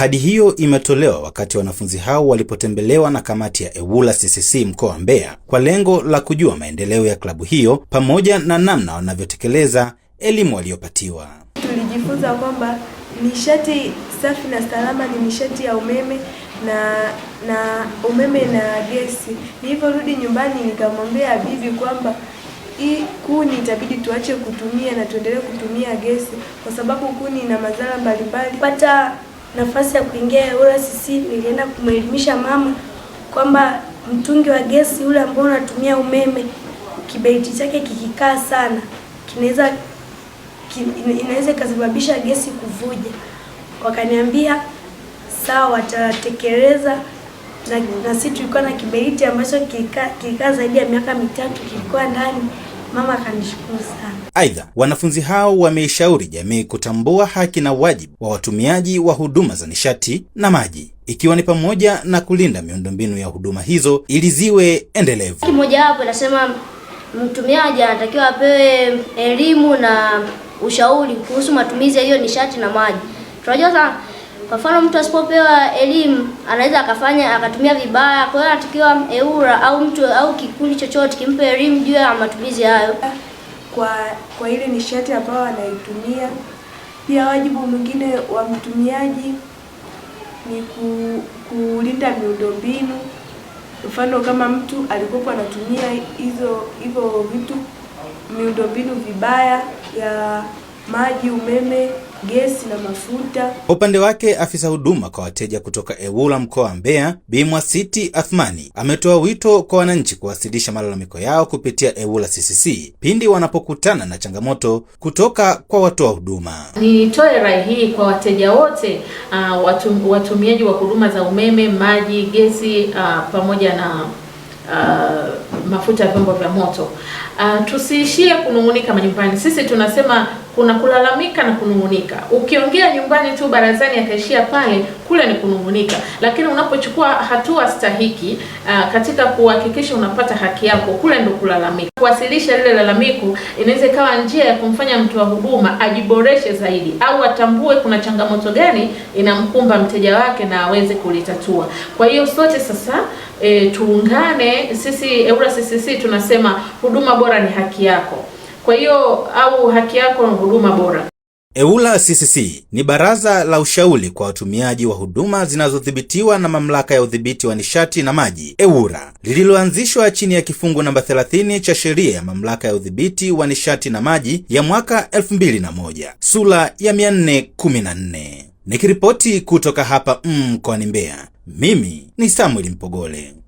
Ahadi hiyo imetolewa wakati wanafunzi hao walipotembelewa na kamati ya EWURA CCC mkoa wa Mbeya kwa lengo la kujua maendeleo ya klabu hiyo pamoja na namna wanavyotekeleza elimu waliyopatiwa. Tulijifunza kwamba nishati safi na salama ni nishati ya umeme na na umeme na gesi. Nilivyorudi nyumbani nikamwambia bibi kwamba hii kuni itabidi tuache kutumia na tuendelee kutumia gesi kwa sababu kuni ina madhara mbalimbali pata nafasi ya kuingia sisi nilienda kumwelimisha mama kwamba mtungi wa gesi ule ambao unatumia umeme kiberiti chake kikikaa sana kinaweza inaweza ikasababisha gesi kuvuja. Wakaniambia sawa, watatekeleza na, na sisi tulikuwa na kiberiti ambacho kilikaa zaidi ya miaka mitatu kilikuwa ndani Mama akanishukuru sana. Aidha, wanafunzi hao wameishauri jamii kutambua haki na wajibu wa watumiaji wa huduma za nishati na maji ikiwa ni pamoja na kulinda miundombinu ya huduma hizo ili ziwe endelevu. Kimoja inasema nasema mtumiaji anatakiwa apewe elimu na ushauri kuhusu matumizi ya hiyo nishati na maji. Tunajua sana kwa mfano mtu asipopewa elimu anaweza akafanya akatumia vibaya. Kwa hiyo anatakiwa EWURA au mtu au kikundi chochote kimpe elimu juu ya matumizi hayo, kwa kwa ile nishati ambayo anaitumia. Pia wajibu mwingine wa mtumiaji ni ku, kulinda miundombinu. Mfano kama mtu alikuwa anatumia hizo hivyo vitu miundombinu vibaya ya maji, umeme gesi na mafuta. Upande wake afisa huduma kwa wateja kutoka Ewula mkoa wa Mbeya, Bimwa City Athmani ametoa wito kwa wananchi kuwasilisha malalamiko yao kupitia Ewula CCC pindi wanapokutana na changamoto kutoka kwa watoa huduma. Nitoe rai hii kwa wateja wote, uh, watu, watumiaji wa huduma za umeme, maji, gesi, uh, pamoja na uh, mafuta ya vyombo vya moto. Uh, tusiishie kunung'unika majumbani. Sisi tunasema kuna kulalamika na kunung'unika. Ukiongea nyumbani tu barazani akaishia pale, kule ni kunung'unika. Lakini unapochukua hatua stahiki uh, katika kuhakikisha unapata haki yako, kule ndo kulalamika. Kuwasilisha lile lalamiko inaweza ikawa njia ya kumfanya mtu wa huduma ajiboreshe zaidi, au atambue kuna changamoto gani inamkumba mteja wake na aweze kulitatua. Kwa hiyo sote sasa e, tuungane sisi EWURA CCC tunasema huduma bora ni haki yako. Kwa hiyo au haki yako ni huduma bora. EWURA CCC ni baraza la ushauri kwa watumiaji wa huduma zinazodhibitiwa na Mamlaka ya Udhibiti wa Nishati na Maji EWURA lililoanzishwa chini ya kifungu namba 30 cha sheria ya Mamlaka ya Udhibiti wa Nishati na Maji ya mwaka 2001 sura ya 414. Nikiripoti kutoka hapa mkoani mm, Mbeya, mimi ni Samwel Mpogole.